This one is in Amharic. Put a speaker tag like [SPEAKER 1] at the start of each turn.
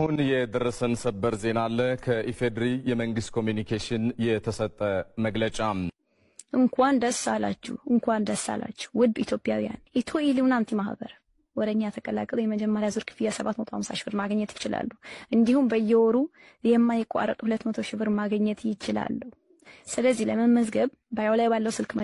[SPEAKER 1] አሁን የደረሰን ሰበር ዜና አለ። ከኢፌድሪ የመንግስት ኮሚኒኬሽን የተሰጠ መግለጫ
[SPEAKER 2] እንኳን ደስ አላችሁ፣ እንኳን ደስ አላችሁ ውድ ኢትዮጵያውያን።
[SPEAKER 3] ኢትዮ ኢሉሚናንቲ ማህበር ወረኛ ተቀላቀሉ። የመጀመሪያ ዙር ክፍያ 750 ሺህ ብር ማግኘት ይችላሉ። እንዲሁም በየወሩ የማይቋረጥ 200 ሺህ ብር ማግኘት ይችላሉ።
[SPEAKER 4] ስለዚህ ለመመዝገብ ባዮ ላይ ባለው ስልክ